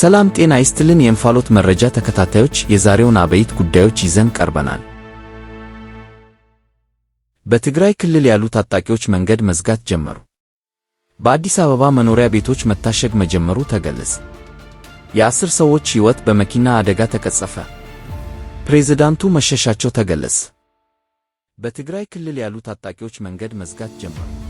ሰላም ጤና ይስጥልን የእንፋሎት መረጃ ተከታታዮች፣ የዛሬውን አበይት ጉዳዮች ይዘን ቀርበናል። በትግራይ ክልል ያሉ ታጣቂዎች መንገድ መዝጋት ጀመሩ። በአዲስ አበባ መኖሪያ ቤቶች መታሸግ መጀመሩ ተገለጸ። የአስር ሰዎች ሕይወት በመኪና አደጋ ተቀጸፈ። ፕሬዝዳንቱ መሸሻቸው ተገለጸ። በትግራይ ክልል ያሉ ታጣቂዎች መንገድ መዝጋት ጀመሩ።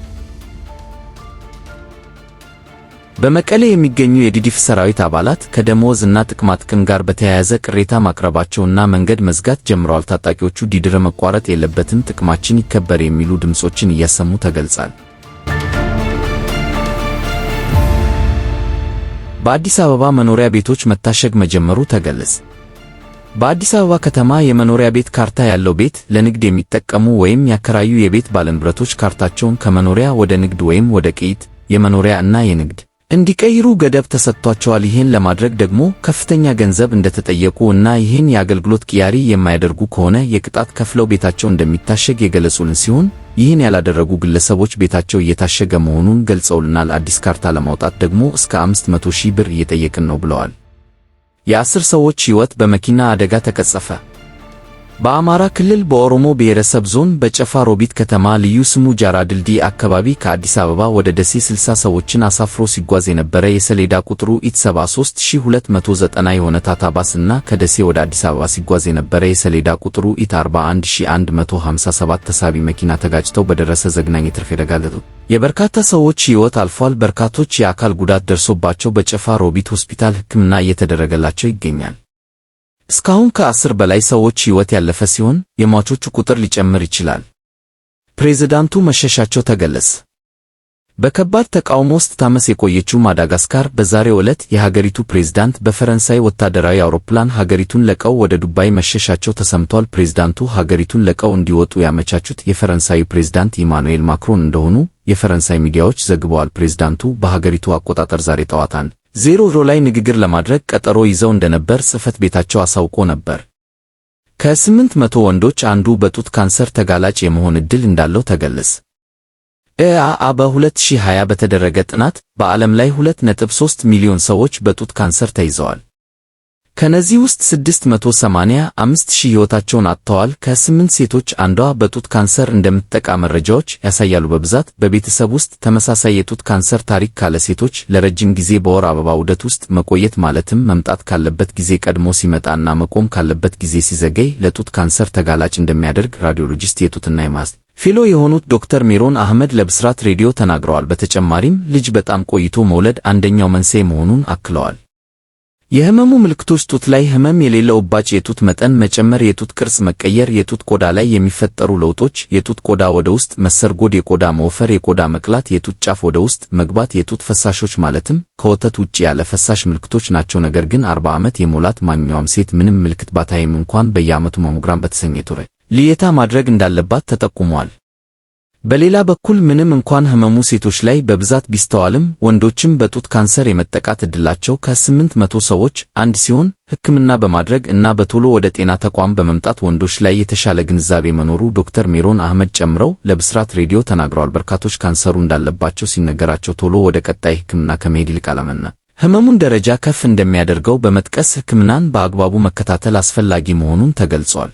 በመቀሌ የሚገኙ የዲዲፍ ሰራዊት አባላት ከደሞዝ እና ጥቅማጥቅም ጋር በተያያዘ ቅሬታ ማቅረባቸውና መንገድ መዝጋት ጀምረዋል። ታጣቂዎቹ ዲድረ መቋረጥ የለበትም፣ ጥቅማችን ይከበር የሚሉ ድምጾችን እያሰሙ ተገልጿል። በአዲስ አበባ መኖሪያ ቤቶች መታሸግ መጀመሩ ተገለጸ። በአዲስ አበባ ከተማ የመኖሪያ ቤት ካርታ ያለው ቤት ለንግድ የሚጠቀሙ ወይም ያከራዩ የቤት ባለንብረቶች ካርታቸውን ከመኖሪያ ወደ ንግድ ወይም ወደ ቅይጥ የመኖሪያ እና የንግድ እንዲቀይሩ ገደብ ተሰጥቷቸዋል። ይህን ለማድረግ ደግሞ ከፍተኛ ገንዘብ እንደተጠየቁ እና ይህን የአገልግሎት ቅያሪ የማያደርጉ ከሆነ የቅጣት ከፍለው ቤታቸው እንደሚታሸግ የገለጹልን ሲሆን ይህን ያላደረጉ ግለሰቦች ቤታቸው እየታሸገ መሆኑን ገልጸውልናል። አዲስ ካርታ ለማውጣት ደግሞ እስከ አምስት ሺህ ብር እየጠየቅን ነው ብለዋል። የአስር ሰዎች ሕይወት በመኪና አደጋ ተቀጸፈ። በአማራ ክልል በኦሮሞ ብሔረሰብ ዞን በጨፋ ሮቢት ከተማ ልዩ ስሙ ጃራ ድልድይ አካባቢ ከአዲስ አበባ ወደ ደሴ 60 ሰዎችን አሳፍሮ ሲጓዝ የነበረ የሰሌዳ ቁጥሩ ኢት 73290 የሆነ ታታ ባስ እና ከደሴ ወደ አዲስ አበባ ሲጓዝ የነበረ የሰሌዳ ቁጥሩ ኢት 41157 ተሳቢ መኪና ተጋጭተው በደረሰ ዘግናኝ የትርፍ የደጋለጡ የበርካታ ሰዎች ሕይወት አልፏል። በርካቶች የአካል ጉዳት ደርሶባቸው በጨፋ ሮቢት ሆስፒታል ሕክምና እየተደረገላቸው ይገኛል። እስካሁን ከአስር በላይ ሰዎች ሕይወት ያለፈ ሲሆን የሟቾቹ ቁጥር ሊጨምር ይችላል። ፕሬዝዳንቱ መሸሻቸው ተገለጸ። በከባድ ተቃውሞ ስትታመስ የቆየችው ማዳጋስካር በዛሬው ዕለት የሀገሪቱ ፕሬዝዳንት በፈረንሳይ ወታደራዊ አውሮፕላን ሀገሪቱን ለቀው ወደ ዱባይ መሸሻቸው ተሰምቷል። ፕሬዝዳንቱ ሀገሪቱን ለቀው እንዲወጡ ያመቻቹት የፈረንሳዩ ፕሬዝዳንት ኢማኑኤል ማክሮን እንደሆኑ የፈረንሳይ ሚዲያዎች ዘግበዋል። ፕሬዝዳንቱ በሀገሪቱ አቆጣጠር ዛሬ ጠዋት ዜሮ ላይ ንግግር ለማድረግ ቀጠሮ ይዘው እንደነበር ጽፈት ቤታቸው አሳውቆ ነበር። ከስምንት መቶ ወንዶች አንዱ በጡት ካንሰር ተጋላጭ የመሆን ዕድል እንዳለው ተገለጸ። ኤአአ በ2020 በተደረገ ጥናት በዓለም ላይ 2.3 ሚሊዮን ሰዎች በጡት ካንሰር ተይዘዋል። ከነዚህ ውስጥ 685 ሺህ ሕይወታቸውን አጥተዋል። ከ8 ሴቶች አንዷ በጡት ካንሰር እንደምትጠቃ መረጃዎች ያሳያሉ። በብዛት በቤተሰብ ውስጥ ተመሳሳይ የጡት ካንሰር ታሪክ ካለ ሴቶች ለረጅም ጊዜ በወር አበባ ዑደት ውስጥ መቆየት ማለትም መምጣት ካለበት ጊዜ ቀድሞ ሲመጣና መቆም ካለበት ጊዜ ሲዘገይ ለጡት ካንሰር ተጋላጭ እንደሚያደርግ ራዲዮሎጂስት የጡትና የማስ ፊሎ የሆኑት ዶክተር ሚሮን አህመድ ለብስራት ሬዲዮ ተናግረዋል። በተጨማሪም ልጅ በጣም ቆይቶ መውለድ አንደኛው መንስኤ መሆኑን አክለዋል። የህመሙ ምልክቶች ጡት ላይ ህመም የሌለው የጡት መጠን መጨመር፣ የጡት ቅርጽ መቀየር፣ የጡት ቆዳ ላይ የሚፈጠሩ ለውጦች፣ የጡት ቆዳ ወደ ውስጥ መሰርጎድ፣ የቆዳ መወፈር፣ የቆዳ መቅላት፣ የጡት ጫፍ ወደ ውስጥ መግባት፣ የጡት ፈሳሾች ማለትም ከወተት ውጭ ያለ ፈሳሽ ምልክቶች ናቸው። ነገር ግን 40 ዓመት የሞላት ማንኛውም ሴት ምንም ምልክት ባታይም እንኳን በየዓመቱ ማሞግራም በተሰኘ ቶረ ልየታ ማድረግ እንዳለባት ተጠቁሟል። በሌላ በኩል ምንም እንኳን ህመሙ ሴቶች ላይ በብዛት ቢስተዋልም ወንዶችም በጡት ካንሰር የመጠቃት ዕድላቸው ከ መቶ ሰዎች አንድ ሲሆን ሕክምና በማድረግ እና በቶሎ ወደ ጤና ተቋም በመምጣት ወንዶች ላይ የተሻለ ግንዛቤ መኖሩ ዶክተር ሜሮን አህመድ ጨምረው ለብስራት ሬዲዮ ተናግረዋል። በርካቶች ካንሰሩ እንዳለባቸው ሲነገራቸው ቶሎ ወደ ቀጣይ ሕክምና ከመሄድ ይልቅ አላመና ህመሙን ደረጃ ከፍ እንደሚያደርገው በመጥቀስ ሕክምናን በአግባቡ መከታተል አስፈላጊ መሆኑን ተገልጿል።